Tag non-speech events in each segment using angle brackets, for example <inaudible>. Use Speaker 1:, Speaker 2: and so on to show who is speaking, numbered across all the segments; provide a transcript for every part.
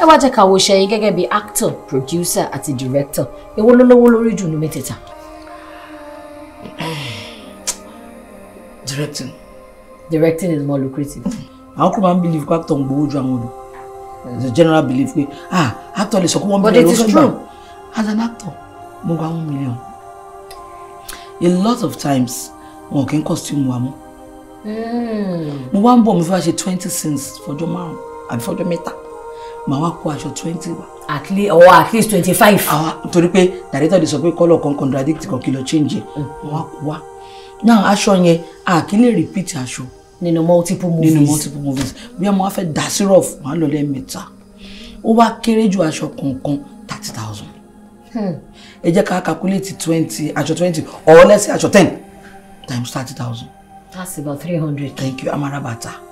Speaker 1: ẹ wá jẹ́ ká wo ṣe yín gẹ́gẹ́ bí actor producer àti director èwo ló lówó lórí jù ní mẹ́tẹ̀ẹ̀ta.
Speaker 2: directing. directing is more lucrative. àwọn kò máa ń believe pé actor ń gbowó ju àwọn lọ the general belief pé ah actor lè sọ pé wọ́n bẹ̀rẹ̀ ló fẹ́ gbà as an actor mo gba one million a lot of times wọn kì í costume wa mú hmm. mo wá ń bọ̀ mo fẹ́ wá ṣe twenty cents fọjọ́ márùn-ún àbí fọjọ́ mẹ́ta. Ma
Speaker 1: wa kó aṣọ twenty wa. at least or at least twenty five. àwa
Speaker 2: ah, torí pé director de sọ pé kọ́lọ̀ kan contradict kan kí change ẹ̀ mm. wọ́n kó wa náà aṣọ yẹn a kì í lè repeat aṣọ. nínú multiple movies nínú multiple movies bí ọmọ wa fẹ́ dà sí rough màá lọ lẹ́ẹ̀mẹ́ta ó wá kéré ju aṣọ kọ̀ọ̀kan thirty thousand. Hmm. ẹ jẹ́ ká calculate twenty aṣọ twenty or let's say aṣọ ten times thirty thousand.
Speaker 1: that's about three
Speaker 2: hundred. thank you amarabata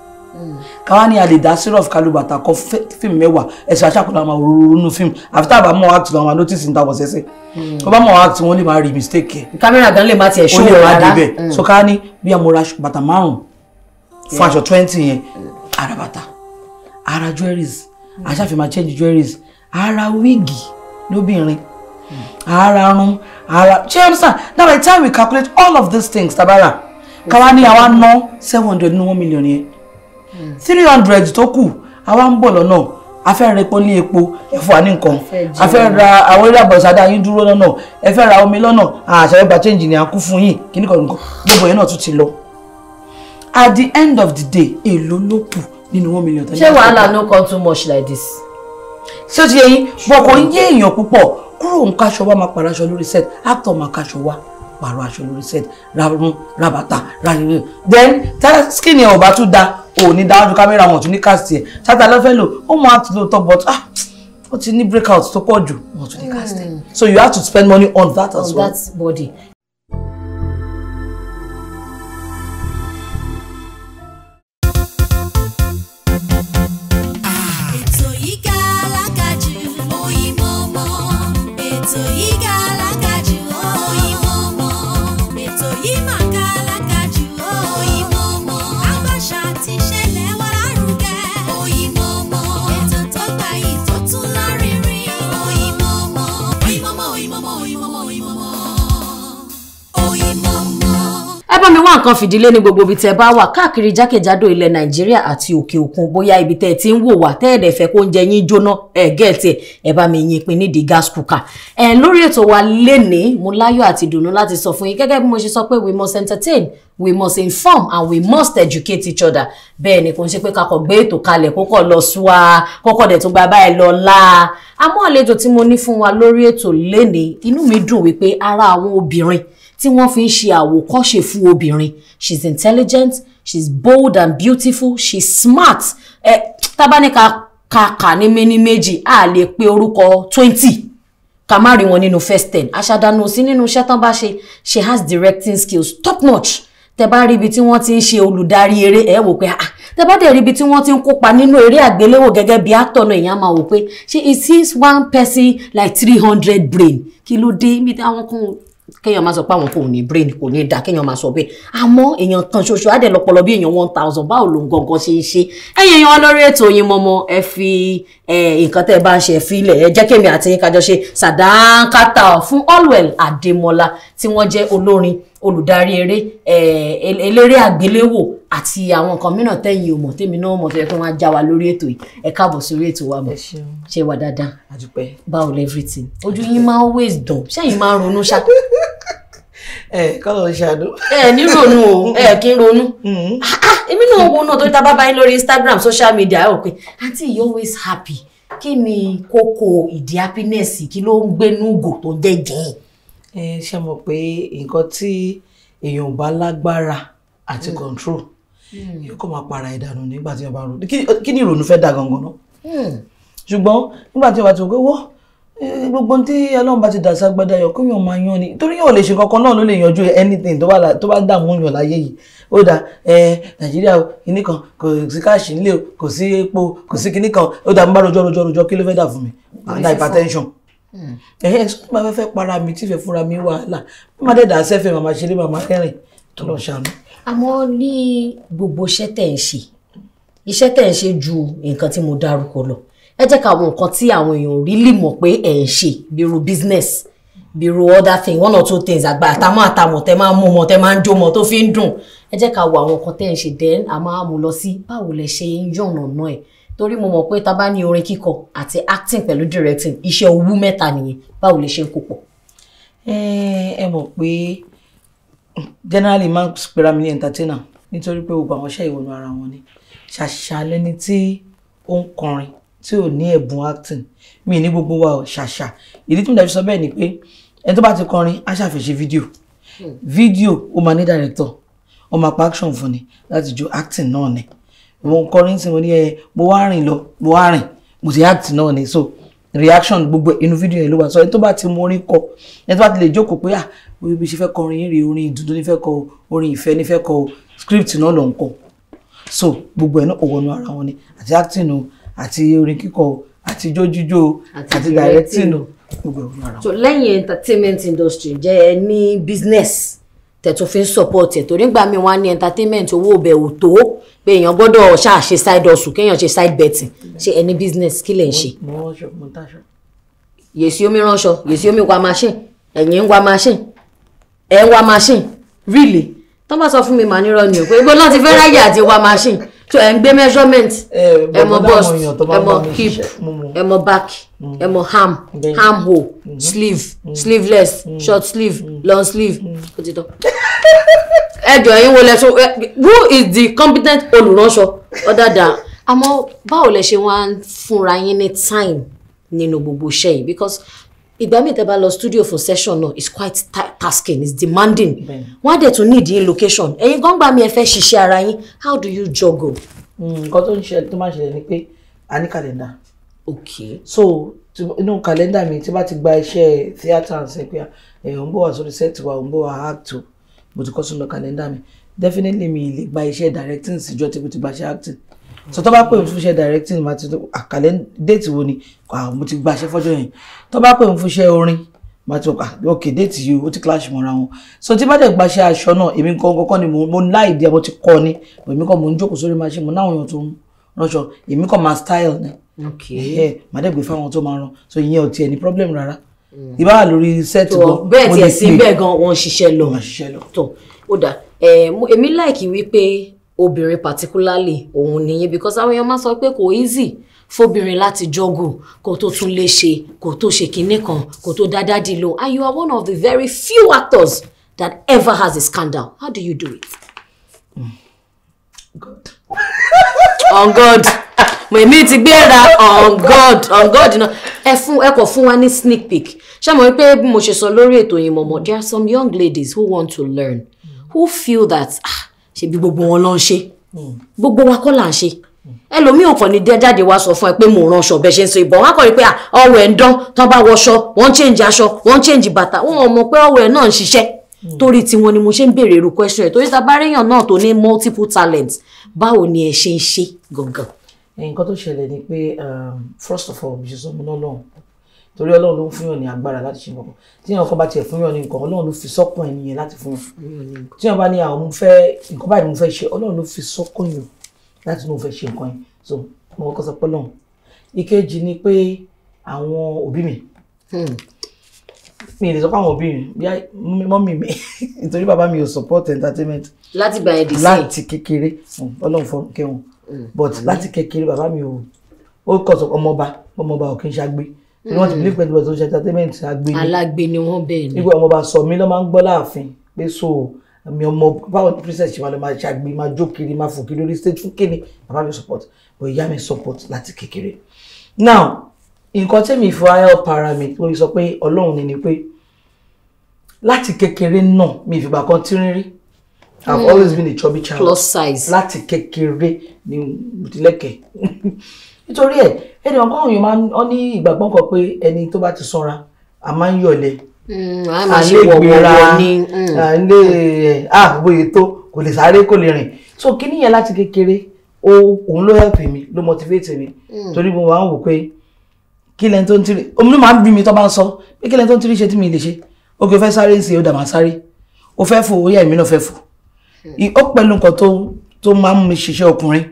Speaker 2: káwá ni a lè dá syrup kalubata kọ fíìmù mẹ́wàá ẹ̀sìn aṣákùnrin àmà òróró nínú fíìmù àfi tá a bá mọ̀ act àwọn notice níta wọ̀sẹ̀sẹ̀ hmm. tó bá mọ̀ act wọn lè máa rí mistake ẹ̀. kámẹ́rà gan lè má tiẹ̀ ṣó wọn rárá hmm. so káwá ni bí a mọ̀ ra bàtà márùn hmm. fún aṣọ twenty yẹn ara bàtà ara jewelries aṣáfihàn change jewelries ara wíìgì lóbìnrin ara run ara ṣé ẹ sàn now by the time we calculate all of these things tabara káwá ni àwa ná seven hundred nínú one million yẹn three hundred tó kù àwa ń bọ̀ lọ́nà a fẹ́ ra epo ní epo ẹ fún wa ní nǹkan a fẹ́ ra àwọn eré àbọ̀sádà yín dúró lọ́nà ẹ fẹ́ ra omi lọ́nà àṣàyẹ̀bà change ni a kú fún yín kíní kan nǹkan gbogbo yẹn náà tún ti lọ at the end of the day èló ló kù nínú one million. ṣé wàhálà no come too much like this. ṣé o ti yẹ yín bọ́kọ̀ yé èèyàn púpọ̀ kúrò ń kaṣọ wa máa paraṣọ lórí set actor máa kaṣọ wa pààrọ̀ aṣọ lórí set rárún rábàtà rárẹ̀rẹ̀ then tá skin yẹn ò bá tún da ò ní dáwájú kámẹ́rà wọn ò tún ní cast yẹn ṣáta lọ́fẹ́ lò ó mọ àti lò tọ́ but ah ó ti ní breakout tó pọ̀ jù wọn tún ní cast yẹn hmm. so you have to spend money on that as well. on
Speaker 1: that body fìdílé ní gbogbo ibi tẹ́ bá wà káàkiri jákèjádò ilẹ̀ nàìjíríà àti òkè òkun bóyá ibi tẹ́ ti ń wò wá tẹ́ẹ̀dẹ̀ fẹ́ kó ń jẹ yín jóná ẹ̀ gẹ́ẹ̀tì ẹ̀ bá mi yín pin nídìí gas cooker. ẹ̀ lórí ètò wa lénìí mo láyọ̀ àti dùnú láti sọ fún yín gẹ́gẹ́ bí mo ṣe sọ pé we must entertain we must inform and we must educate each other bẹ́ẹ̀ ni kò ń ṣe pé kakọ̀ gbé ètò kalẹ̀ kókọ̀ lọ súwa kókọ̀ dẹ̀ tún bàbá ẹ̀ lọ la àmọ́ àlejò tí mo ní fún wa lórí ètò lénìí inú mi dùn wípé ara àwọn obìnrin tí wọ́n fi ń ṣe àwòkọ́ṣe fún obìnrin she's intelligent she's bold and beautiful she's smart ẹ tábánika ka ní méní méjì a lè pe orúkọ twenty ká má rí wọn nínú first ten aṣàdànù sí nínú iṣẹ́ tán bá ṣe she has directing skills top notch tẹ bá rí ibi tí wọ́n ti ń ṣe olùdarí eré ẹ wò pé ah, ah. tẹ bá dẹ̀ rí ibi tí wọ́n ti ń kópa nínú eré àgbéléwò gẹ́gẹ́ bí àtọ̀nà èèyàn máa wò pé ṣé is this one person like three hundred brain kí ló dé ibi tí àwọn kan kéèyàn máa sọ pé àwọn kò ní brain kò ní dá kéèyàn máa sọ bẹ́ẹ̀ àmọ́ èèyàn kan ṣoṣo á dẹ̀ bí èèyàn one thousand báwo ló ń gangan ṣe ń ṣe ẹ̀yin èèyàn olórí ètò yín mọ́mọ́ ẹ fi nǹkan tẹ́ ẹ bá ń ṣe fílẹ̀ ẹ jẹ́ kémi àti yín kájọ ṣe sàdánkátà fún Allwell Adémọ́lá tí wọ́n jẹ́ olórin olùdarí eré eh, eléré àgbéléwò àti àwọn nǹkan mìíràn tẹ̀yìn ò mọ̀ tèmi náà mọ̀ tó yẹ kí wọ́n á já wa lórí ètò yìí ẹ káàbọ̀ sórí ètò wa mọ̀ ṣe wà dáadáa báwo everything ojú yín máa always dùn ṣẹ́yìn máa ronú ṣá. ẹ kọ́lọ̀ ṣàdó. ẹ ní ronú o mm-hmm. ẹ kí n ronú mm-hmm. ah, ah, èmi náà wo náà torí ta bá báyìí lórí Instagram social media ẹ ò pé àǹtí you always happy kí ni kókó ìdí happiness kí ló ń gbénú gò tó jẹ́ jẹ́ yìí ẹ
Speaker 2: ṣe mọ̀ pé nǹkan tí èèyàn bá lágbára àti hmm. control hmm. yóò kọ́ máa para ẹ̀ dànù nígbà tí wọ́n bá ronú kí ni ìrònú fẹ́ dà gangan náà hmm. ṣùgbọ́n nígbà tí wọ́n bá ti rò pé wọ́n gbogbo tí ọlọ́run bá ti dà ságbádá yọ kó yàn máa yan ni torí yàn lè ṣe kankan náà ló lè yanjú anything tó bá dààmú yàn láyé yìí ó dà ẹ nàìjíríà o kinní kan kò sí káàṣì nílé o kò sí epo kò sí kinní ó dà ń bá rojọ́ rojọ́ rojọ́ kí ló fẹ́ dà fún mi àdá hypertension ẹ̀hẹ́ ẹ̀sùn tí màá fẹ́ para mi tí fẹ́ fúnra mi wàhálà
Speaker 1: bí màá dẹ̀dà sẹ́fẹ̀ màmá ṣeré màmá kẹrin tó lọ ṣàánú. àmọ́ ní gbogbo iṣẹ́ tẹ̀ ń ṣe iṣẹ́ tẹ̀ ń ṣe ju nǹkan tí mo dárúkọ lọ ẹ jẹ́ ká àwọn nǹkan tí àwọn èèyàn rí lè mọ̀ pé ẹ̀ ń ṣe bírú business bírú other thing one or two things àgbà àtàmọ́ àtàmọ́ tẹ máa ń mú mọ́ tẹ máa ń jó mọ́ tó fi ń dùn ẹ jẹ́ ká wo àwọn nǹkan tẹ́ ń ṣe then a máa mú lọ sí báwo lẹ ṣe ń yànnà náà torí mo mọ̀ pé tá a bá ní orin kíkọ àti acting pẹ̀lú directing iṣẹ́ owú mẹ́ta nìyẹn báwo lè ṣe ń kó
Speaker 2: ẹ mọ̀ pé generally máa ń pera mi ní entertainer nítorí pé gbogbo àwọn iṣẹ́ ìwọ̀nù ara wọn ni ṣàṣà lẹni tí ó ń kọrin tí ò ní ẹ̀bùn acting mi ní gbogbo wa ò ṣàṣà ìdí tí mo dàbí sọ bẹ́ẹ̀ ni pé ẹni tó bá ti kọrin á ṣàfẹ́ ṣe fídíò hmm. fídíò ó máa ní director ó máa action fún ni láti ju acting náà ni mo ń kọrin sí mo ní ẹ mo wá rìn lọ mo wá rìn mo sì act náà ni so reaction gbogbo inú fídíò yẹn ló wà sọ ẹni tó bá ti mú orin kọ ẹni tó bá ti lè jókòó pé ah bí ṣe fẹ́ kọ orin yìí rèé orin ìdúdú ní fẹ́ kọ orin ìfẹ́ ní fẹ́ kọ script náà ló ń kọ so gbogbo ẹ náà kò wọnú ara wọn ni àti acting o àti orin kíkọ o àti jójújó o àti directing o gbogbo ẹ
Speaker 1: wọnú ara wọn. so lẹ́yìn entertainment industry jẹ́ ẹ ní business tẹ̀tún fi ń support ẹ̀ torí gbà mí wá ní entertainment owó ọbẹ̀ ò tó pé èèyàn gbọ́dọ̀ ṣáà side hustle kéèyàn ṣe side betting ṣe any business kí lẹ̀ ń ṣe. yèsí omi ránṣọ yèsí omi wa machine ẹ̀yìn ń wa machine ẹ̀ ń wa machine really tó bá sọ fún mi màá nírọ̀ ni o pé gbọ́dọ̀ ti fẹ́ ráyè àti wa machine so ẹ ń gbé measurement eh, ẹ mọ bust ẹ mọ hip ẹ mọ back mm-hmm. ẹ mọ ham ham hole mm-hmm. sleeve mm-hmm. sleeveless short sleeve long sleeve ó ti tọ́ <laughs> ẹ jọ ẹ̀yin so who is the competent olùránṣọ other than àmọ́ báwo lẹ ṣe wá ń fúnra yín ní time nínú gbogbo iṣẹ́ yìí because ìgbà míì tẹ́ bá lọ studio for session náà is quite tasking is demanding wọ́n á dẹ̀ tún need in location ẹ̀yin gan gbà mí ẹ fẹ́ ṣiṣẹ́ ara yín how do you juggle. Hmm, nǹkan tó ń ṣẹlẹ̀ tó máa ń ṣẹlẹ̀ ni pé a ní kàlẹ́ndà. ok
Speaker 2: so inú kàlẹ́ndà mi tí bá ti gba iṣẹ́ theatre and sepia ẹ̀ ń bọ̀ wá sórí set wa ń bọ̀ wá act o mo ti kọ́ sínú kàlẹ́ndà mi definitely mi lè gba iṣẹ́ directing síjọ́ tí mo ti gba iṣẹ́ acting so tó bá pè mí fún iṣẹ́ directing máa ti tó àkàlẹ́ déètì wo ni ah, mo ti gba iṣẹ́ fọ́jọ́ yẹn tó bá pè mí fún iṣẹ́ orin máa ti ah, ok déètì yìí ó ti clash mọ́ra wọn so tí bá dẹ̀ gba iṣẹ́ aṣọ náà èmi kan kọ́kọ́ ni mo láì díẹ̀ mo ti kọ́ ni èmi kan mo ń jókòó sórí machine mo náwọn èèyàn tó ń ránṣọ èmi kan máa style ni màá dẹ̀ gbé fáwọn tó máa rán so ìyẹn ò tiẹ̀ ní problem rárá mm. ìbá wà lórí set gan bẹ́ẹ̀ tiẹ̀ sí bẹ́ẹ̀ gan
Speaker 1: wọ́n ṣiṣẹ́ lọ tó ó dà èmi láìkì wípé obìnrin particularly òun nìyẹn because àwọn èèyàn máa sọ pé kò easy fóbìnrin láti jọ́gù kó tó tún lè ṣe kó tó ṣe kinní kan kó tó dáadáa dì lóhùn and you are one of the very few actors that ever has a scandal how do you do it. Hmm. <laughs> on God mèmí ti gbéra on God on God iná ẹ fún ẹ kọ fún wa ní sneak peek ṣé mo rí pé bí mo ṣe sọ lórí ètò yìí mọ̀mọ́ there are some young ladies who want to learn who feel that ah ṣebí gbogbo wọn ló ń ṣe hmm. gbogbo wa kọ́ là ń ṣe ẹlòmíràn kàn ní dẹ́jáde wá sọ fún ẹ pé mò ń ránṣọ bẹ́ẹ̀ ṣe ń so ìbọn wọn kàn pé ọwọ́ ẹ̀ ń dán tán bá wọṣọ wọ́n ń change aṣọ wọ́n ń change bàtà wọn mọ̀ pé ọwọ́ ẹ̀ náà ń ṣiṣẹ́ hmm. torí tiwọn ni mo ṣe ń béèrè irú question ẹ̀ torí tabaréyàn náà tó ní multiple talent báwo ni ẹ ṣe ń ṣe gangan.
Speaker 2: nǹkan tó ṣẹlẹ̀ ni pé um, first of all bí ṣe sọ mọ́ náà torí ọlọ́run ló ń fún yàn ní agbára láti ṣe nǹkan tí yàn kan bá tiẹ̀ fún yàn ní nǹkan ọlọ́run ló fi sọ́kàn ẹni yẹn láti fún yàn tí yàn bá ní àwọn mo fẹ́ nǹkan báyìí mo fẹ́ ṣe ọlọ́run ló fi sọ́kàn yàn láti ní mo fẹ́ ṣe nǹkan yẹn so mo kọ́kọ́ sọ pé lọ́hùn ìkejì ni pé àwọn òbí mi hmm. mi lè sọ pé àwọn òbí mi mọ́mì mi <laughs> nítorí bàbá mi ò support entertainment láti gbà ẹ̀dì sí láti kékeré hmm, ọlọ́run fọ́ kẹ́hùn hmm. but láti kékeré bàbá mi ò ó kọ̀ sọ ọmọọba ọmọọba ò kí ń ṣàgbé ni wọ́n ti believe pẹ̀lú ọ̀sán entertainment agbeni. alágbe
Speaker 1: ni wọ́n bẹ́ẹ̀ ni. ipò
Speaker 2: ọmọ bá sọ mí lọ́ máa ń gbọ́ láàfin pé so mi ọmọ báwo ni princess ṣe máa lọ máa ṣàgbé máa jó kiri máa fò kiri orí stage fún kíni bàbá mi support but ìyá mi support láti kékeré. now nǹkan tí mi fún ayọ́ para mi lórí sọ pé ọlọ́run ni ni pé láti kékeré náà mi ìfìgbà kan tí rírí
Speaker 1: I've mm. always been
Speaker 2: a chubby child. plus
Speaker 1: size. láti
Speaker 2: kékeré ni mo ti lẹ́kẹ̀ẹ́ <laughs> nítorí ẹ̀ ẹ̀rọ ọkọ àwọn èèyàn máa ń ní ìgbàgbọ́ kan pé ẹni tó bá ti sanra a máa ń yọ̀lẹ̀
Speaker 1: mm, àlè gbéra àlè
Speaker 2: mm. àbòyè tó kò lè sáré kò lè rìn so kíní yẹn láti kékeré òun ló help mi ló motivate mi mm. torí mo máa ń wò pé kí lẹ́ni tó ń tiri omi ló máa ń bí mi tó bá ń sọ pé kí lẹ́ni tó ń tiri ṣe tí mi lè ṣe o kò fẹ́ sáré ń ṣe o dà máa sáré o fẹ́ fò ó yà èmi náà fẹ́ fò ó pẹ̀lú nǹkan tó máa ń ṣiṣẹ́ ọkùnrin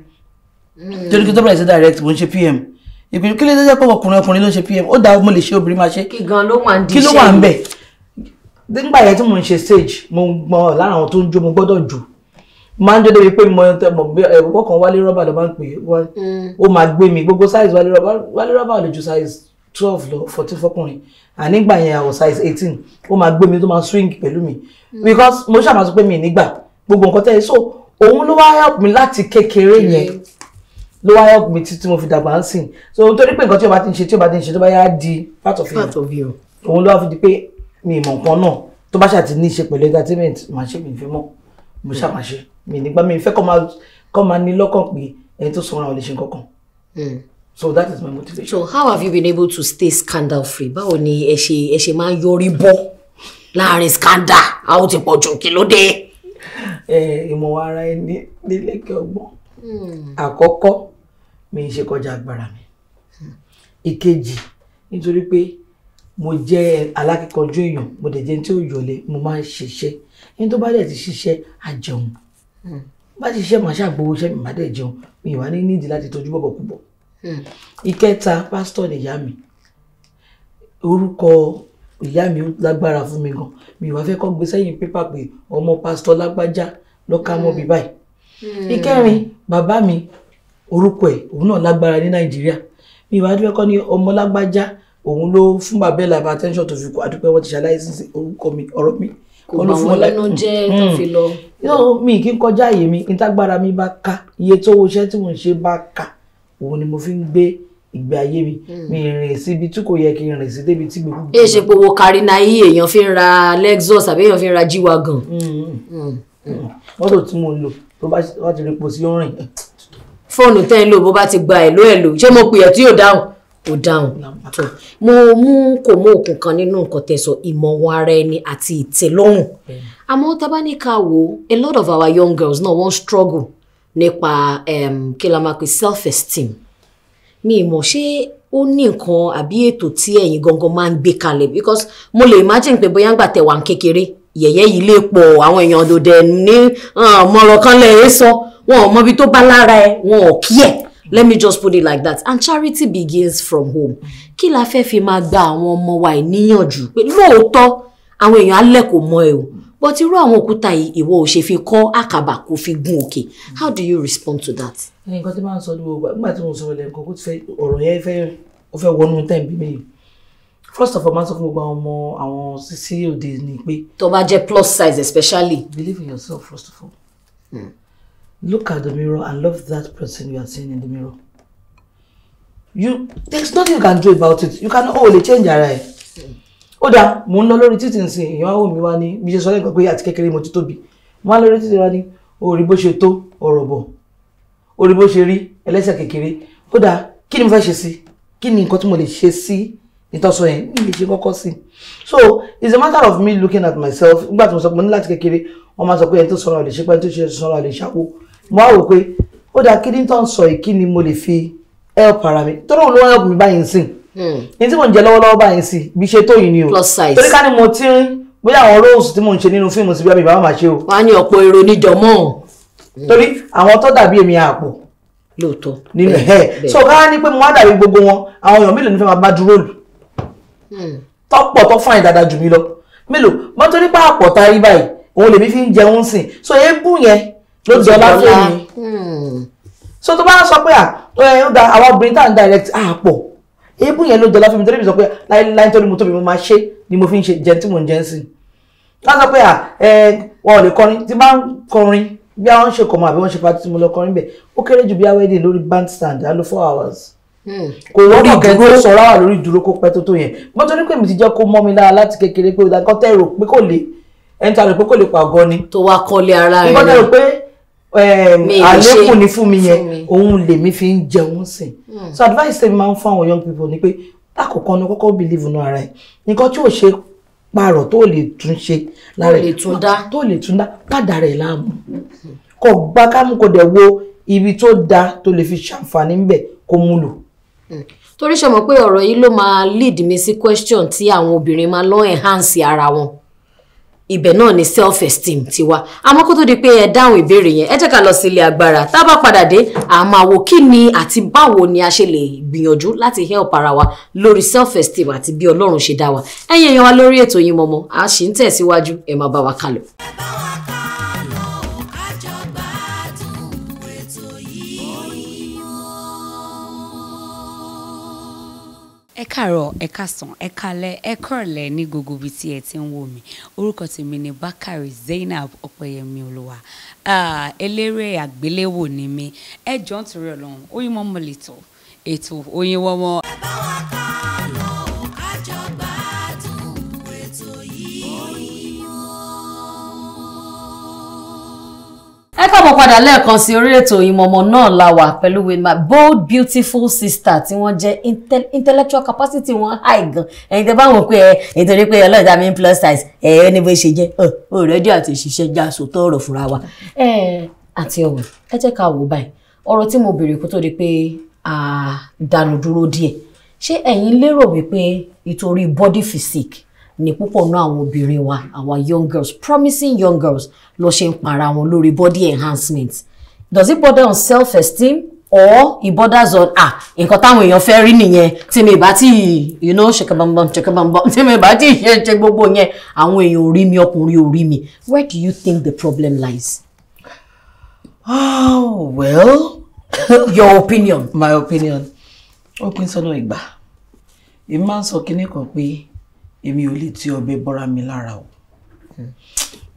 Speaker 2: torí kí tó bẹ̀rẹ̀ sí direct mo ń ṣe pm. Mm ìbínú kí ló jẹ́ pé ọkùnrin ọkùnrin ló ń ṣe pm ó dáa mo lè ṣe obìnrin máa ṣe kí gan ló wà ń di iṣẹ́ kí ló wà ń bẹ̀ nígbà yẹn tí mo ń ṣe stage mo mọ lára àwọn tó ń jó mo gbọ́dọ̀ jù máa ń jẹ́ débi pé mo ẹ̀wọ́ kan wálé rọ́bà ló máa ń pè hmm. ó máa gbé mi gbogbo size wálé rọ́bà wálé rọ́bà ló ju size twelve lọ fourteen fọkùnrin ànígbà yẹn àwọ̀ size eighteen ó máa gbé mi tó máa swing pẹ̀lú mi hmm. because mo ṣàmásọ pé mi nígbà gbogbo nǹkan tẹ́ ẹ so òun ló wá help mi láti kékeré yẹn hmm ló wá help me títí mo fi dàgbà ń sìn so nítorí pé nǹkan tí o bá ti ń ṣe tí o bá ti ń ṣe tó bá yá di part of you òun ló wá fi di pé mi ìmọ̀ nǹkan náà tó bá ṣàti ní í pẹ̀lú entertainment màá ṣe mi ìfẹ́ mọ́ mo ṣàmà ṣe mi nígbà mi ìfẹ́
Speaker 1: kọ́ máa ní lọ́kàn pé ẹni tó sanra ò lè ṣe nǹkan kan. Hmm. So that is my motivation. So how have you been able to stay scandal free? Báwo ni ẹ ṣe ẹ ṣe máa ń yọrí bọ́ láàrin scandal? A ó ti pọ̀ jù kí ló dé? Eh, ìmọ̀ ara ẹni nílé kí ọgbọ́n. Hmm.
Speaker 2: Àkọ́kọ́ mi ṣe kọjá agbára mi ìkejì nítorí pé mo jẹ́ alákíkanjú èèyàn mo dẹ̀ jẹ́ ní tí ò yọlé mo máa ń ṣiṣẹ́ ní tó bá dẹ̀ ti ṣiṣẹ́ àjẹun hmm. bá ti ṣiṣẹ́ màá ṣàgbowó iṣẹ́ mi màá dẹ̀ jẹun mi ìwà ní nídìí láti tọ́jú bọ̀bọ̀ púpọ̀ hmm. ìkẹta pásítọ̀ nìyá mi orúkọ ìyá mi lágbára fún mi gan mi ìwà fẹ́ kọ́ gbé sẹ́yìn pépà pé ọmọ pásítọ̀ lágbájá lọ́ka mọ́ hmm. ìkẹrin bàbá mi orúkọ ẹ̀ òun náà lágbára ní nàìjíríà mi ìwà adúpẹ́ kọ́ ni ọmọ lágbájá òun ló fún bàbá ẹ̀ lábẹ́ attention tó fi kú adúpẹ́ wọn ti ṣàlàyé sí orúkọ mi ọ̀rọ̀ mi kò bá wọn lẹ́nu jẹ́ hmm. tó fi lọ. yóò mi kí n kọjá àyè mi ìtagbára mi bá ká iye tó wọṣẹ́ tí mò ń ṣe bá ká òun ni mo fi ń gbé ìgbé ayé mi hmm. mi rìn síbi tí kò yẹ kí n rìn sí débi tí gbogbo.
Speaker 1: ẹ ṣe powó kárí náà yí èèyàn fi ń ra lexus àbí èèyàn fi ń ra g-wagon. Hmm. mọ́tò tí mo ń lò tó bá ti rí po sí ó fóònù tẹ́ ń lò bó bá ti gba ẹ̀lò ẹ̀lò ṣé mo pè ẹ́ tí yóò dáhùn ó dáhùn mo mú kò mú òkun kan nínú nǹkan tẹ́ sọ ìmọ̀wọ̀n ara ẹni àti ìtẹ́lọ́rùn àmọ́ tá ní ká wò a lot of our young girls náà wọ́n struggle nípa ehm, kí la máa pè self esteem mi mọ̀ ṣé ó ní nǹkan àbí ètò tí ẹ̀yin gangan máa ń gbé kalẹ̀ because mo lè imagine pé bóyá ń gbà tẹ́ wà ń kékeré yẹ̀yẹ́ yìí lè pọ̀ àwọn èèyàn dòdẹ̀ ní mọ̀rọ̀ kan lẹ̀ é sọ. So wọn ò mọbi tó bá lára ẹ wọn ò kí ẹ let me just put it like that and charity begins from home kí la fẹ́ fi máa gba àwọn ọmọ wa ìníyànjú pé lóòótọ́ àwọn èèyàn alẹ́ kò mọ ẹ o but irú àwọn òkúta ìwọ ò ṣe fi kọ́ àkàbà kò fi gun òkè how do you respond to that.
Speaker 2: nǹkan tí màá sọ ní gbogbo nígbà tí mo sọ̀rọ̀ lẹ́ẹ̀kan kó fẹ́ ọ̀rọ̀ yẹn fẹ́ ó fẹ́ wọnú tẹ̀ bí mi first of all màá sọ fún gbogbo àwọn ọmọ àwọn sí òde ni pé. tó bá
Speaker 1: jẹ́ plus size especially. believe in yourself first of all.
Speaker 2: Mm Look at the mirror and love that person you are seeing in the mirror. You, there's nothing you can do about it. You can only oh, change your ẹ̀. Oda, dà, mò ń lọ lórí títì ń sin èèyàn àwọn mi wá ní bí ṣe sọ lẹ́gbẹ̀ẹ́ pé àti kékeré mo ti tóbi. Mo wá lórí títì wá ní orí bó ṣe tó ọ̀rọ̀ bọ̀. Orí bó ṣe rí ẹlẹ́sẹ̀ kékeré. Ó dà, kí ni mo fẹ́ ṣe sí? Kí ni nǹkan tí mo lè ṣe sí? ìtọ́sọ yẹn ní ìlè ṣe kọ́kọ́ so it's a matter of me looking at myself nígbà tí mo sọ pé mo ní láti kékeré wọ́n máa sọ pé ẹni tó sọ̀rọ̀ àlè ṣe pé ẹni tó ṣe sọ̀rọ̀ àlè ṣàwó mo á wò pé ó dáa kí ní tó ń sọ ìkí ni mo lè fi help ara mi tó náà ló wọ́n help mi báyìí nsìn hmm. ní tí mò ń jẹ lọ́wọ́lọ́wọ́ báyìí nsìn bí ṣe tó yìí ni o torí ká ní mo ti ń bóyá àwọn roles tí mò ń ṣe nínú fíìmù síbi àmì ìbámu àṣẹ o. wọ́n ní ọ̀pọ̀ èrò níjọmọ́. Hmm. torí àwọn tó dàbí èmi àpò. lóòótọ́ nínú ẹ̀ so ká ní pé mo wá dàbí gbogbo wọn àwọn èèyàn mélòó ni fẹ́ máa bá dúró lù. tọ́pọ̀ hmm. tó fàìn dáadáa jù mí lọ mélòó mọ́tò nípa àpọ̀ tá a rí báyìí òun lèmi fi ń jẹun sìn so eégún yẹn ló dọ̀la fún mi so tó bá sọ pé ah, àwọn obìnrin tá à ń direct àpọ̀ ebú yẹn ló dọ̀la fún mi torí mi sọ pé láìláì tó ni mo tóbi mo máa ṣe ni mo fi ń ṣe jẹun tí mò ń jẹun sí wọ́n sọ pé ah, wọn ò lè kọrin tí bá ń kọrin bí àwọn ṣe kọ̀ mọ́ àbí wọ́n ṣe pati tí mo lọ kọrin bẹ̀ ó kéré jù bí awẹ́dẹ̀ lórí bandstand á lọ four hours
Speaker 1: hmm. kò wọ́pọ̀ kẹ́kọ̀ọ́ sọ̀rọ̀ wà
Speaker 2: lórí ìdúró kó pẹ́ tó tó yẹn bọ́n torí pé mi ti jẹ́ kó mọ́ mi lára láti kékeré pé ìdákọ́tẹ́ rò pé kò lè ẹni tí a rò pé kò lè pàgọ́ ni. tó wá kọ́lé ara rẹ̀ náà ìgbọ́dọ̀ rò pé àlékún ni fún mi yẹn òun lèmi fi ń jẹun sìn hmm. so advice tèmi máa ń fún àwọn young people ni pé lákòókò ní kọ́kọ́ believe inú ara ẹ̀ nǹkan tí ò ṣe pààrọ̀ tó lè tún ṣe lára ẹ̀ tó lè tún dá padà rẹ̀ láàmú kò gbá kámú kò dẹ̀ wo ibi tó da tó lè fi ṣàǹfààní ńbẹ̀ kó mú lò.
Speaker 1: Hmm. torí ṣe mọ̀ pé ọ̀rọ̀ yìí ló máa lead mi sí question tí àwọn obìnrin máa lọ enhance ara wọn ibẹ̀ náà ni self esteem tiwa àmọ́ kó tó di pé ẹ dáhùn ìbéèrè yẹn ẹ jẹ́ ká lọ sí ilé agbára tá a bá padà dé a máa kí ni àti báwo ni a ṣe lè gbìyànjú láti help ara wa lórí self esteem àti bí Ọlọ́run ṣe dá wa ẹ̀yin èèyàn wa lórí ètò yín mọ́mọ́ a sì ń tẹ̀síwájú ẹ máa bá wa kálọ.
Speaker 2: ẹ káàárọ̀ ẹ káàsán ẹ kálẹ́ ẹ kọ̀rọ̀lẹ́ ní gbogbo ibi tí ẹ ti ń wò mí orúkọ tèmi
Speaker 1: ni Bakari Zainab Ọpẹ́yẹmí Olúwa eléré àgbéléwò ni mi ẹ jọ ń torí Ọlọ́run Oyinmomo lè tọ ètò Oyinmomo. ẹ bá wa ká lọ.
Speaker 2: ẹ káàbọ̀ padà lẹ́ẹ̀kan
Speaker 1: sí orí ètò ìmọ̀ọ́mọ̀ náà la wà pẹ̀lú with ma bold beautiful sister tí wọ́n jẹ́ intellectual capacity wọn high gan ẹ̀yin tẹ́ bá wọn pé ẹ nítorí pé ọlọ́ọ̀dà mi plus size ẹ ẹ ní bó ṣe jẹ́ ọ ò rẹ́dí àti ìṣiṣẹ́ já sòtọ́ ọ̀rọ̀ fúnra wa. ẹ àti ọ̀wẹ̀ ẹ jẹ́ ká wò báyìí ọ̀rọ̀ tí mo béèrè kó tó di pé a dànù dúró díẹ̀ ṣé ẹ̀yin lérò wípé ìtorí body physique ni púpọ̀ náà àwọn obìnrin wa àwa young girls promising young girls ló ṣe ń para wọn lórí body enhancement does it border on self-esteem or it borders on ah nǹkan táwọn èèyàn fẹ́ rí nìyẹn tí mi bá ti you know ṣèkàbàmbàm ṣèkàbàmbàm tí mi bá ti ṣe ṣe gbogbo yẹn àwọn èèyàn ò rí mi ọkùnrin ò rí mi where do you think the problem lies. oh well. <laughs> your opinion. my opinion ó pín sọ́nà ìgbà
Speaker 2: èmi máa ń sọ kinní kan pé èmi ò lè ti ọ̀bẹ bọ́ra mi lára o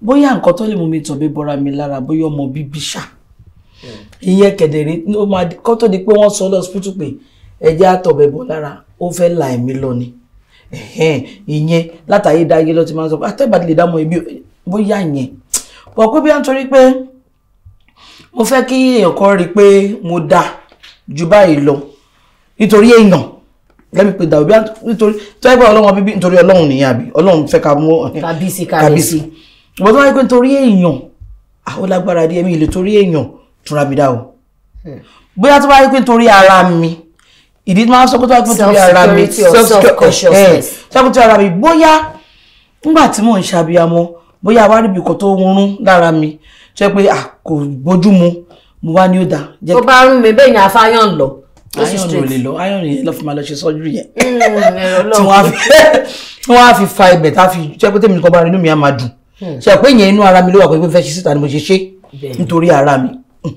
Speaker 2: bóyá nǹkan tó lè mú mi tọ̀bẹ bọ́ra mi lára bóyá ọmọ bíbí ṣá ìyẹn kẹ̀dẹ̀rẹ́ ó máa kọ́ tó di pé wọ́n sọ lọ́sibítù pé ẹ̀jẹ̀ àtọ̀bẹ bọ́ lára ó fẹ́ la ẹ̀mí lọ ni ìyẹn látàyè dáyé lọ ti máa sọ pé àtẹ̀bàdì ah, lè dámọ̀ ibi bóyá yẹn pọ̀ pé bí wọ́n torí pé mo fẹ́ kí èèyàn kan rí i pé mo dáa ju báyìí lọ nítorí èèyàn lẹ́mi pé dàbí nítorí tó ẹgbẹ́ ọlọ́run bíbí nítorí ọlọ́run nìyẹn àbí ọlọ́run fẹ́ ká mú eh, kàbísí kàbísí ìbọn tó wáyé pé nítorí èèyàn àwọn ah, lágbára díẹ̀ mi ìlè torí èèyàn túnra mi dá o hmm. bóyá tó wáyé pé nítorí ara mi ìdí máa ń sọ pé tó wáyé pé nítorí ara mi eh, self-consciousness sọ́kùn tó ara mi bóyá ńgbà tí mò ń ṣàbíyamọ bóyá awárìbì kan tó rún lára mi tó yẹ pé ah, kò bójú mu mo wá ní ó dá. tó bá rún mi bẹ́ẹ̀ ni àfáyàn lọ
Speaker 1: iron ò lè
Speaker 2: lọ iron yẹn lọ fi máa lọ ṣe surgery yẹn mm, tí wọ́n á fi fa ibẹ̀ tá a fi jẹ́ pé tèmi nìkan bá rí inú mi á máa dùn hmm. ṣe pé ìyẹn inú ara mi ló wà pé fẹ́ ṣe síta ni mo ṣe ṣe nítorí ara mi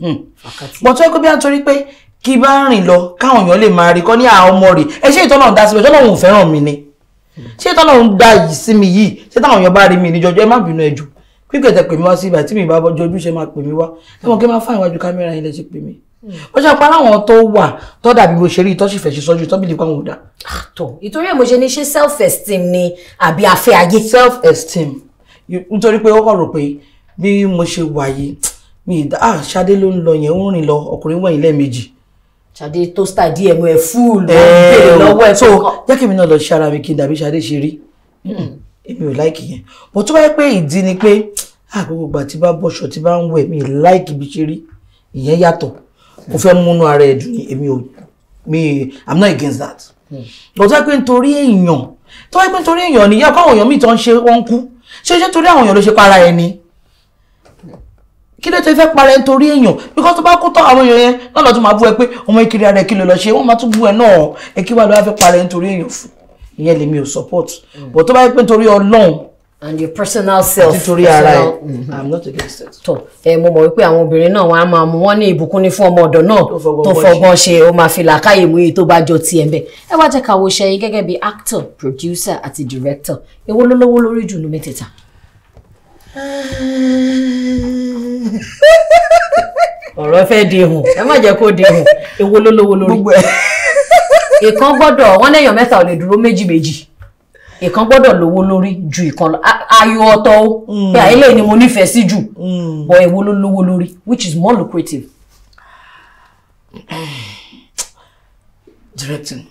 Speaker 2: hmm. bọ̀ tó yẹ bí a torí pé kí bá rìn lọ káwọn èèyàn lè máa rí kọ́ ní àwọn ọmọ rẹ̀ ẹ ṣé ìtọ́nà ń dá síbẹ̀ ṣọ́nà òun fẹ́ràn mi ni ṣé ìtọ́nà ń dá yìí sí mi yìí ṣé táwọn èèyàn bá rí mi níjọjọ ẹ má bínú ẹjù pípẹ́ tẹ pè mí wá sí ibà tí mi bá jọjú ṣe máa pè mí wá ẹ mọ̀ kí n máa fáwọn iwájú kámẹ́rà yẹn lè ṣe ó ṣe apá láwọn tó wà tó dàbí bó ṣe rí tó sì fẹ́ ṣe sọ́jú tó bìlì pàwọn ò dà. Ah, tó
Speaker 1: ìtorí ẹ̀ mo ṣe ní ṣe self esteem ni àbí afẹ́
Speaker 2: ayé. self esteem nítorí pé ó kàn rò pé bí mo ṣe wà yìí mi ì dá ah, ṣadé ló ń lọ yẹn ń rìn lọ ọkùnrin wọ̀nyí lẹ́ẹ̀mejì ṣàdé tó sta díẹ̀ mú ẹ fúùlù eh, béèrè e lọ́wọ́ ẹ̀ tó kọ́. jẹ́ kí mi náà lọ ṣe ara mi kí n dàbí ṣàdé ṣe rí hmm. èmi ò láìkì yẹn mo tún bá yẹ pé ìdí ni pé àgbègbè ah, ìgbà bá bọ́ṣọ tí bá ń wẹ̀ mi láìkì bí ṣe rí ìyẹn yàtọ̀ mo fẹ́ múnú ara ẹ̀ dùn èmi ò mi i'm not against that. ọ̀tọ́ pé nítorí èèyàn tó wáyé pé nítorí èèyàn nìyá ọkọ àwọn èèyàn míì tó ń ṣe wọ́n kú ṣé ṣé torí àwọn èèyàn ló ṣe para ẹ̀ ni kí ló tẹ fẹ́ para ẹ̀ nítorí èèyàn because tó bá kú tán àwọn èèyàn yẹn náà lọ́ọ́ tún máa bú ẹ pé ọmọ ìkiri ara ẹ̀ kí ló lọ ṣe wọ́n máa tún bú ẹ náà ẹ kí wàá lọ́ọ́ fẹ́ para ẹ̀ nítorí èèyàn
Speaker 1: fún ìyẹn lèmi ò support mm. but tó bá yẹ pé nítorí ọlọ́run and your personal self. nítorí ara ẹ mm-hmm. i'm not against it. tó ẹ mo mọ̀ wípé àwọn obìnrin náà wọ́n á máa mú wọ́n ní ìbùkún ní fún ọmọ ọ̀dọ̀ náà tó fọgbọ́n ṣe ó máa fi làákàyè mú iye tó bá jọ tiẹ̀ mbẹ́. ẹ wá jẹ́ ká wo ṣẹ́yìn gẹ́gẹ́ bí actor producer àti director èwo ló lówó lórí jù ní mẹ́tẹ̀ẹ̀ta. ọ̀rọ̀ fẹ́ di ihun ẹ má jẹ́ kó di ihun èwo ló lówó lórí. ìkan gbọ́dọ̀ wọ́n lẹ́yìn mẹ́ta ò lè dúró méjì méjì ìkan gbọ́dọ̀ lówó lórí ju ìkan lọ ayò ọ̀tọ̀ o mm. pé eléyìí ni mo nífẹ̀ẹ́ sí jù mm. bọ̀ èwo ló lówó lórí which is more lucrative. <clears throat> directing.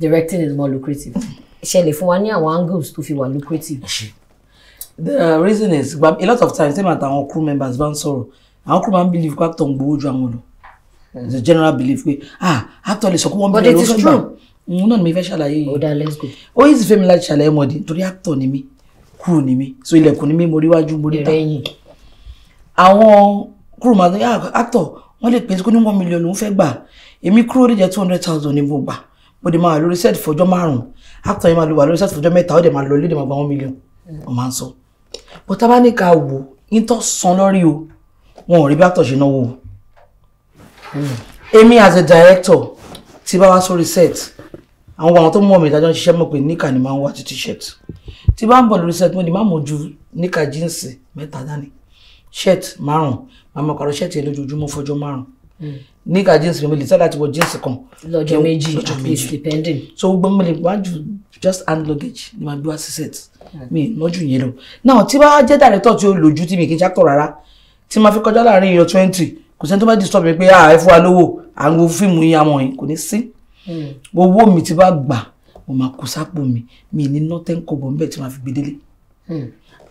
Speaker 1: directing is more lucrative. ṣẹlẹ̀ fún wa ní àwọn angles tó fi wà lucrative. the
Speaker 2: reason is a lot of times tẹ́lẹ̀ àtàwọn crew members bá ń sọ̀rọ̀ àwọn crew máa ń believe pé actor ń gbowó ju àwọn lọ the general belief pé ah actor lè sọ pé wọ́n bí lè lọ́sọ̀gbà. but it is true òun náà ni mi fẹ́ ṣàlàyé yìí. ọ̀dà let's go. ó yìí sì fẹ́ mi láti ṣàlàyé mọ̀dí nítorí actor ni mí crew ni mí so ilẹ̀kùn ni mí mo rí wájú mo rí ta. àwọn crew máa ń ah, actor wọ́n lè pè é kó ní one million lòún fẹ́ gbà èmi crew lè jẹ́ two hundred thousand ni mo gbà mo dẹ̀ máa lórí set fọjọ́ márùn-ún actor yẹn máa lò wà lórí set fọjọ́ mẹ́ta ó dẹ̀ máa lọ lédè máa gba one million wọ́n a bá ní ká wò ń tọ́ san lórí o wọn ò rí bí actor hmm. èmi as a director tí bá wá sórí set àwọn àwọn tó mọ̀ mi ìdájọ́ ṣiṣẹ́ mọ̀ pé níkà ni máa ń wá ti t-shirt tí bá ń bọ̀ lórí set mo ní má mọ̀ ju níkà jíǹsì mẹ́ta dání shirt márùn máa mọ̀ kàrọ̀ shirt lójoojúmọ́ fọjọ́ márùn hmm. níkà jíǹsì mi lè sẹ́lá ti wọ jeans kan lọ́jọ́ méjì at least depending. so gbọ́n mi lè wá ju just hand luggage ni màá gbé wá sí set hmm. mi lọ́jù yẹn lọ náà tí bá jẹ́ director tí ó lòjú tí mi kì í ṣàtọ̀ rárá tí máa fi kọjá láàrin èèyàn twenty kò sẹ́ni tó bá disturb mi pé ah ẹ fún wa lówó à fíìmù yín amọ̀ yín kò ní sí owó mi ti bá gbà mo máa kó sápò mi mi ní nọ́tẹ́ ń níbẹ̀ tí màá fi gbé délé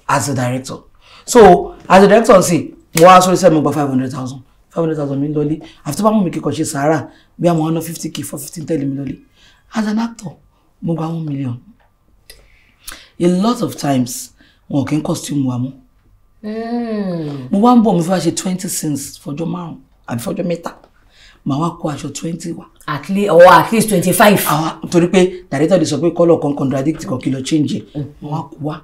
Speaker 2: as a director so as a director sì mo wá sórí sẹ́mi gba five hundred thousand five hundred thousand mi ń lọlé àfi tó bá mú mi kíkọ̀ ṣe sàárà bí àwọn ọ̀nà fifty k four fifteen tẹ̀lé mi lọlé as an actor mo gba one million a lot of times wọn ò kí ń costume wa mọ́
Speaker 1: hmm.
Speaker 2: mo wá ń bọ̀ mo fẹ́ ṣe twenty cents fọjọ́ márùn-ún àbí fọjọ́ mẹ́ta màá wá kó aṣọ twenty wa at least or at least twenty five. àwa torí pé director de sọ pé kọ́lọ̀ kan contradict kan kí lọ change ẹ̀ wọ́n mm. á kó wá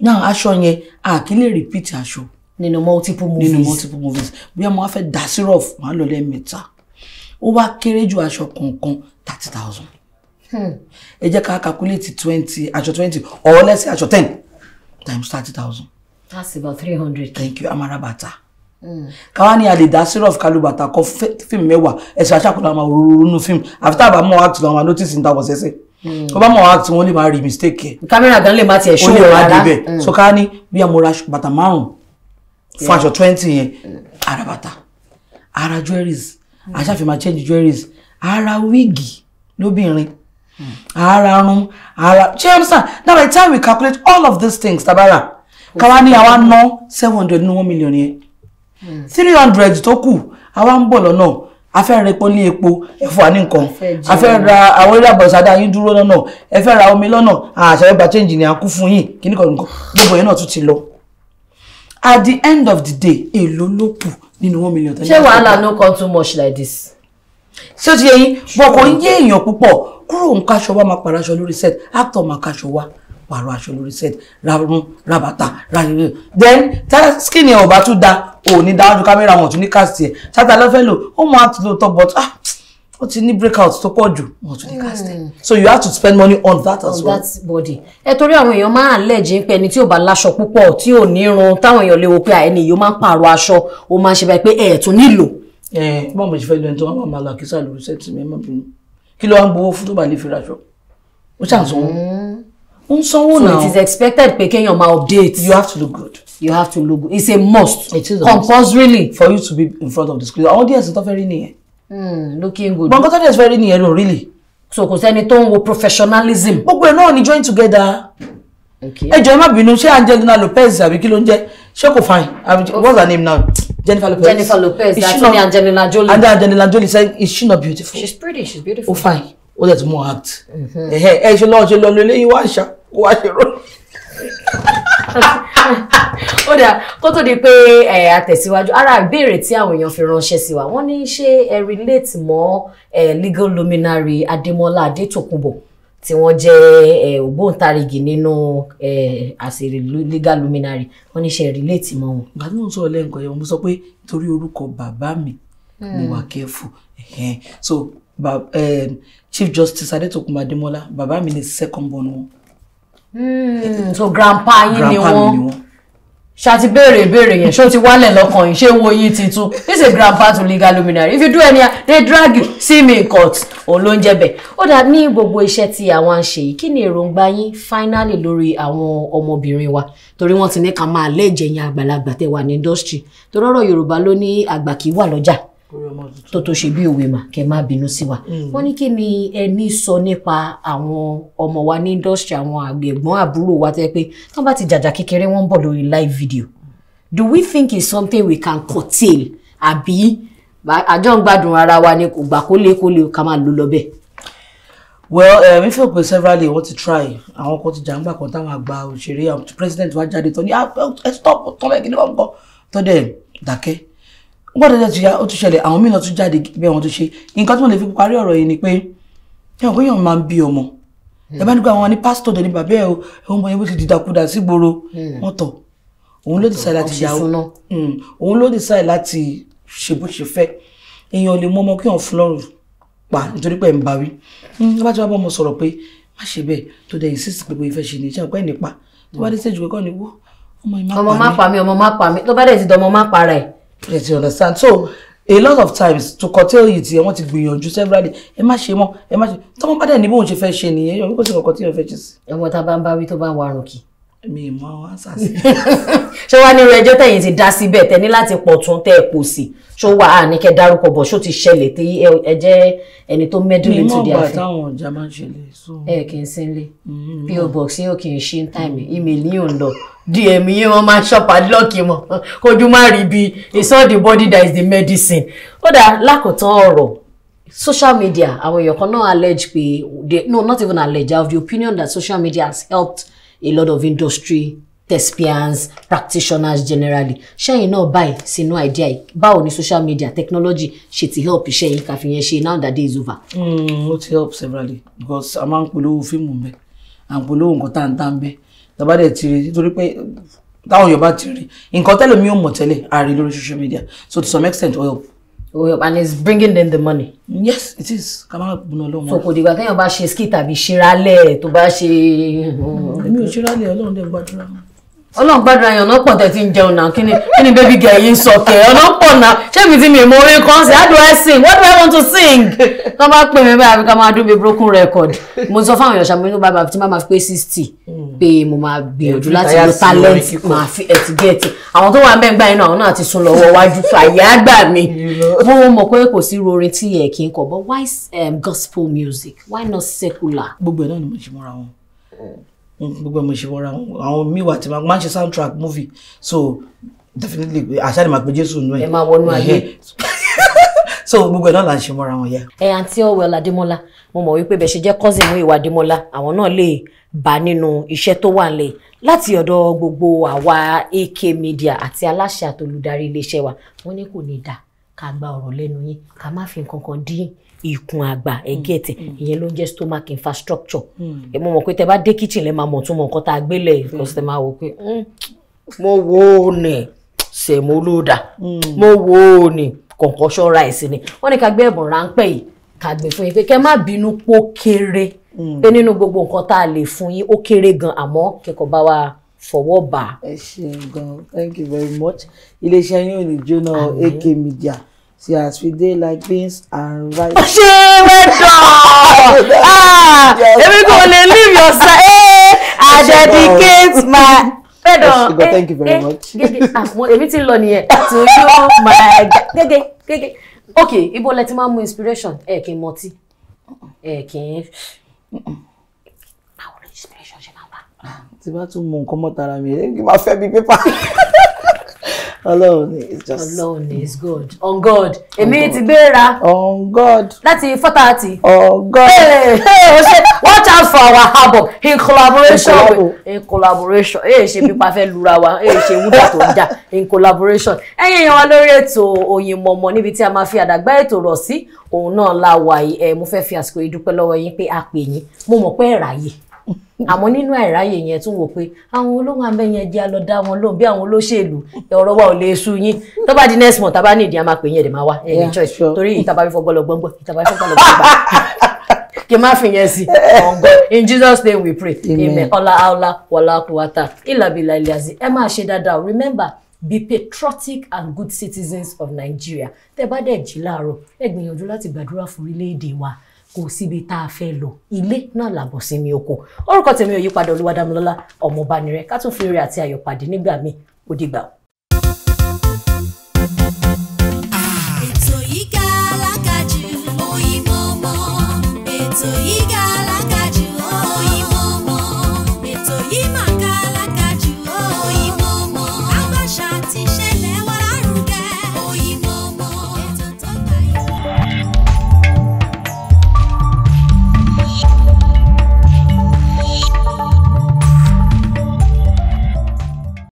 Speaker 2: náà aṣọ yẹn a kì í lè repeat aṣọ. nínú multiple movies nínú multiple movies bóyá mo wá fẹ́ dà sí rough màá lọ lẹ́ẹ̀mẹ́ta ó wá kéré ju aṣọ kọ̀ọ̀kan thirty thousand. Hmm. ẹ jẹ́ ká calculate twenty aṣọ twenty or let's say aṣọ ten times thirty thousand. that's about three hundred. thank you amarabata káwá ní a lè dá syrup kalu bàtà kọ fíìmù mẹ́wàá ẹ̀sìn aṣákùnrin àwọn òróró fíìmù àfi tá a bá mọ̀ àtúntò àwọn notice ní tàwọn sẹ́sẹ̀ ọba hmm. mọ̀ àti wọn lè máa rí mistake ẹ̀ kámẹ́rà gan lè má tiẹ̀ ṣó wọn rárá hmm. so ká ní bí mo ra bàtà márùn fún aṣọ twenty yẹn hmm. ara bàtà ara jewelries aṣáfihàn change jewelries ara wíìgì lóbìnrin ara run ara ṣé ẹ sàn now by the time we calculate all of these things tabara káwa ní àwa ná seven hundred ní one million yẹn Hmm. three hundred tó kù àwa ń bọ̀ lọ́nà a fẹ́ ra epo ní epo ẹ̀fọ́ àní nǹkan a fẹ́ ra àwọn ìlàbọ̀sádà yín dúró lọ́nà ẹ fẹ́ ra omi lọ́nà àṣà ẹgbà change ni à ń kú fún yín kí nìkan nǹkan gbogbo yẹn náà tún ti lọ at the end of the day èló ló kù nínú one million. ṣé wàhálà no come too much like this. ṣé o ti yẹ yín wọn kò ń yé èèyàn púpọ̀ kúrò ń kaṣọ wa máa pàrọ̀ aṣọ lórí set actor máa kaṣọ wa pàrọ̀ lórí set rarun rabata rarun then tá skin yẹn ò bá tún da o ní dáwájú kámẹ́rà wọn tún ní cast ẹ̀ ṣáta lọ́fẹ́ lò ó
Speaker 1: máa tún lò tọ́ but ah, ó ti ní breakout tó pọ̀ jù wọn tún ní cast ẹ̀ hmm. so you have to spend money on that as on well. on that body ẹ torí àwọn èèyàn máa ń lẹ́jẹ̀ pé ẹni tí ò bá láṣọ púpọ̀ tí ò ní irun táwọn èèyàn léwo pé ẹni yìí ó máa ń pààrọ̀ aṣọ ó máa ń ṣe báyìí pé ẹ̀ nílò. ẹ báwo
Speaker 2: mo ṣe fẹ́ lọ ẹni tó wá máa lọ kí ló wá hmm. so you have to look good you have to logo it's a must it is compulsorily for you to be in front of the screen Our audience tó fẹ́ rí nìyẹn.
Speaker 1: Hmm, looking good. gbọ̀ngàn tó
Speaker 2: dẹ̀ fẹ́ rí nìyẹn really. so kò sẹ́ni tó professionalism. But we're náà ni join together. Okay. jọ̀ọ́ ẹ má bínú Angelina Lopez àbí kí ló ń jẹ́ fine what's her name now Jennifer Lopez. Jennifer Lopez Is that's only Angelina Jolie. and Angelina Jolie say is she not beautiful. she's
Speaker 1: pretty she's beautiful. Oh, fine
Speaker 2: o dẹ̀ tún mọ̀ act. Mhm. ẹ
Speaker 1: ṣe lọ́ọ́ ṣe lọ́ọ́ lé yín wá ṣá wá ṣe rọ́ọ̀. <laughs> <laughs> ó dà kó tó di pé ẹ àtẹ̀síwájú ara ìbéèrè tí àwọn èèyàn fi ránṣẹ́ sí wa wọ́n ní ṣé ẹ relate mọ́ ẹ legal luminary Adémọ́lá Adétòkunbọ̀ tí wọ́n jẹ́ ẹ ògbóǹtarìgì nínú ẹ àṣírí legal luminary wọ́n ní ṣé relate mọ́ wọn. ìgbà tí mo ń sọ̀rọ̀ lẹ́ǹkan yẹn mo sọ pé torí orúkọ bàbá mi mo wà
Speaker 2: kẹ́fù hmm. so Chief Justice Adétòkunbọ̀ Adémọ́lá bàbá mi
Speaker 1: ni second born wọn Hmm, so grandpa yín ni wọn ṣàti béèrè béèrè yẹn ṣó ti wálẹ̀ lọ́kàn yìí ṣé wo yín titun this is grandpa to legal luminary if you do any they drag you see me in court òun ló ń jẹ́ bẹ́ẹ̀. ó dà ní gbogbo iṣẹ́ tí àwọn ń ṣe yìí kí ni èròǹgbà yín finally lórí àwọn ọmọbìnrin wa torí wọ́n ti ní ká máa lẹ́jẹ̀ yẹn àgbàlagbà tẹ̀ wà ní industry torọ́rọ̀ yorùbá ló ní àgbà kì í wà lọ́jà tó tó ṣe bí òwe mà kẹ má bínú sí wa hmm. wọ́n ní kí ni ẹni sọ nípa àwọn ọmọ wa ní industry àwọn àgbẹ̀gbọ́n àbúrò wa tẹ́ pé tán bá ti jàjà kékeré wọ́n ń bọ̀ lórí live video do we think it's something we can curtail àbí àjọ ń gbádùn ara wa ni kò gbà kó lè kó lè ká máa lò lọ bẹ́ẹ̀.
Speaker 2: well uh, we feel pe severally wọ́n ti try àwọn kan ti jàǹgbà kan táwọn àgbà òṣèré president wa jáde tó ní ẹ stop tọ́lẹ̀ kí ni wọ́n kọ́ tó dẹ̀ dákẹ́ gbọ́dọ̀ jẹ́ ti ya ó tún ṣẹlẹ̀ àwọn mìíràn tún jáde bẹ́ẹ̀ wọ́n tún ṣe nǹkan tí mo lè fi parí ọ̀rọ̀ yìí ni pé ẹ̀wọ̀n pé èèyàn máa ń bí ọmọ ẹ bá nígbà wọn ni pásítọ̀ dẹ̀ bàbá ẹ̀ o ẹ̀wọ̀n bọ̀ yẹn bó ti dìdàkudà sígboro hmm. wọ́n tọ̀ òun ló dìsáì láti yàwó hmm. òun ló dìsáì láti ṣe bó ṣe fẹ́ èèyàn lè mú ọmọ kí wọ́n fún lọ́rùn pa nítorí pé ẹ̀ ń bá wí ẹ bá ti wá bọ́ ọmọ sọ̀rọ̀ pé má ṣe bẹ́ẹ̀ tó dẹ̀ insist pé bóyá ìfẹ́ ṣe ní ìṣe àpẹ́ nípa tó bá dé stage kọ́ ni wó ọmọ pa mí ọmọ má pa mí tó bá dẹ̀ ti dọ̀ ọmọ má para ẹ̀ yes you understand so a lot of times to curtail yìí tiẹ̀ wọ́n ti gbìyànjú severally ẹ má ṣe mọ́ ẹ má ṣe tọ́mọ́ bá dẹ̀ ní bóun ṣe fẹ́ ṣe nìyẹn yọ wípé kò sí
Speaker 1: kankan tí yóò fẹ́ ṣe sí. ẹ̀wọ̀n tá a bá ń bá wí tó bá ń warùn kì
Speaker 2: mi mọ ansa sí. <laughs>
Speaker 1: ṣé wàá nírú ẹjọ́ tẹ̀yìn ti dá síbẹ̀ tẹ ní láti pọ̀ tún tẹ́ ẹ̀ pò sí ṣó wà á ní kẹ́ dárúkọ bọ̀ ṣó ti ṣẹlẹ̀ tí ẹ jẹ́ ẹni tó mẹ́dùn létí di àfẹ́. mi mọ̀ bàtà àwọn ọjà
Speaker 2: máa ń ṣẹlẹ̀.
Speaker 1: ẹ kì í sínlé po box yóò kì í ṣe táìmì email yìí ń lọ dm yìí wọn máa ń ṣọpa lọ́ọ̀kì mọ́ <laughs> kojú má rí bí it's all the body that is the medicine. ó dà lákòótán ọ̀rọ̀ social media àwọn èèyàn kan náà allege pé no not even allege I have the opinion that social media has helped a lot of industry thespians practitioners generally ṣẹ́yìn náà báyìí sínú idea yìí báwo ni social media technology ṣe ti help iṣẹ́ yìí káfí yẹn ṣe now that day is over.
Speaker 2: Hmm, ó ti help severally because a máa ń polówó fíìmù bẹ́ẹ̀ à ń polówó nǹkan tá à ń tá ń bẹ́ẹ̀ tàbá dẹ̀ ti rí nítorí pé táwọn èèyàn bá ti rí nǹkan tẹ́lẹ̀ mi ò mọ̀ tẹ́lẹ̀ a rí lórí social media so to some extent ó help. Oh, and it's
Speaker 1: bringing them the money. yes it is ká má gbóná lọ́wọ́. so kò dìgbà téèyàn bá ṣe ski tàbí ṣeralẹ̀ tó bá ṣe. mi ò ṣeralẹ̀ ọlọ́run dẹ̀ gbàdúrà ọlọ́run gbàdúrà yẹn ọ̀nà pọ̀ tẹ̀ ti ń jẹun náà kí ni kí ni baby girl yìí ń sọ kẹ́ ọ̀nà pọ̀ náà ṣé mi ti mi mọ orin kan sí how do I sing what do I want to sing tó bá pè mí báyìí ká máa dún mi broken record mo sọ fáwọn èèyàn ṣàmúlò bàbá tí máa pé sixty pé mo máa gbìyànjú láti lo talent máa fi ẹtì gẹ̀ẹ́tì àwọn tó wà ń bẹ́ẹ̀ gbà yín náà àwọn náà ti sún lọ́wọ́ wájú àyè àgbà mi mo mọ̀ pé kò sí rorin tí ẹ̀ kí n kọ but why um, gospel music why not secular. gbogbo ẹ̀ náà ni mo ṣe mọ́ra wọn gbogbo mo ṣe wọra àwọn míì wà tí máa ń ṣe soundtrack movie
Speaker 2: so definitely àṣàlẹ̀ máa pe jésù nù ẹ̀. ẹ máa wọnú ayé. so
Speaker 1: gbogbo ẹ̀ náà là ń ṣe mọ́ra wọn yẹ. ẹ àǹtí ọwẹ́l adémọ́lá mo mọ̀ wípé bẹ́ẹ̀ ṣe jẹ́ cousin mú ìwà adémọ́lá àwọn náà lè bá nínú iṣẹ́ tó wà lẹ̀ láti ọ̀dọ̀ gbogbo àwa AK media àti aláṣẹ àtolùdarí iléeṣẹ́ wa wọ́n ní kò ní dà ká gba ọ̀rọ̀ lẹ́nu yín ká má fi nǹkan kan dín ikùn àgbà ẹgẹtì mm, mm. ìyẹn ló ń jẹ stomach infrastructure mm. ẹ mọ̀ mọ̀ pé tẹ bá dé kitchen lẹ máa mọ̀ tún mọ̀ nǹkan tá a gbélé ìkọsẹ̀ máa wò pé mo wo ni sẹ̀mó ló dà mo wo ni kọ̀ǹkọ́ṣọ́ ráìsì ni wọ́n ní ká gbé ẹ̀bùn ráńpẹ́ yìí ká gbé fún yín pé kẹ́ má bínú pó kéré pé nínú gbogbo nǹkan tá a lè fún yín ó kéré gan àmọ́ kẹ́kọ̀ọ́ bá wa fọwọ́ bà. ẹ ṣeun gan
Speaker 2: thank you very much iléeṣẹ́ yín ò ní jóná AK Media. See as we dey like beans and rice. ṣé wẹ́dọ̀ <laughs> ah, èmi kò lè leave your side
Speaker 1: eh, I dedicate my.
Speaker 2: Fẹ́dọ̀ ẹ thank you
Speaker 1: very eh, much. Ah, èmi ti lọ nìyẹn to you my gẹ́gẹ́ gẹ́gẹ́ ok ibo lẹ ti máa ń inspiration ẹ kì í mọtí ẹ kì í báwo
Speaker 2: ni inspiration ṣe máa bá. tí bá tún mu nǹkan mọ́ tara mi ẹ máa fẹ́ bí pépà. <laughs>
Speaker 1: Alone is just. Alone is good. On God. Emi ti gbéra. On God. Láti four thirty. On God. Hey, hey, ṣe watch out for our album in collaboration in collaboration ee ṣe bí pa fẹ́ lura wa ee ṣe wúdà tó ń in collaboration. Ẹ̀yin èèyàn wa lórí ètò Oyinmomo níbi tí a máa fi àdàgbà ètò rọ̀ sí òun náà la wà Eh, Mo fe fi àsìkò yìí dúpẹ́ yin yín a pè yín. Mo mọ̀ pé ẹ̀ráyè àmọ́ nínú àìráyè yẹn tún wò pé àwọn olóhùn abẹ jẹ́ àlọ́ dá wọn lóhùn bí àwọn olóṣèlú ọ̀rọ̀ wa ò lè sú yín tó bá di next month tábà nídìí a máa pè yín ẹ̀dẹ̀ máa wá ẹ̀mí choice torí ìtaba fífọ́ gbọ́lọ̀ gbọ́ngbọ́n ìtaba fífọ́ gbọ́lọ̀ gbọ́ngbọ́n kì í má fi yẹn sí ọ̀ngọ́ in Jesus name we pray amen ọlá ọlá wọlá kúwátà ìlàbílà ìlíàsí ẹ máa ṣe dáadáa remember be patriotic and good citizens of Nigeria tẹ bá dẹ̀ jí láàárọ̀ ẹ gbìyànjú láti gbàdúrà fún orílẹ̀ wa kò síbi tá a fẹ́ lọ ilé náà làbọ̀ sí mi oko orúkọ tèmi ò yípadà olúwadámilọ́lá ọmọọba ká tún fi rere àti ayọ̀ pàdé nígbà míì ó dìgbà ètò yìí ga alákàjù òyìnbó mọ́ ètò yìí ga.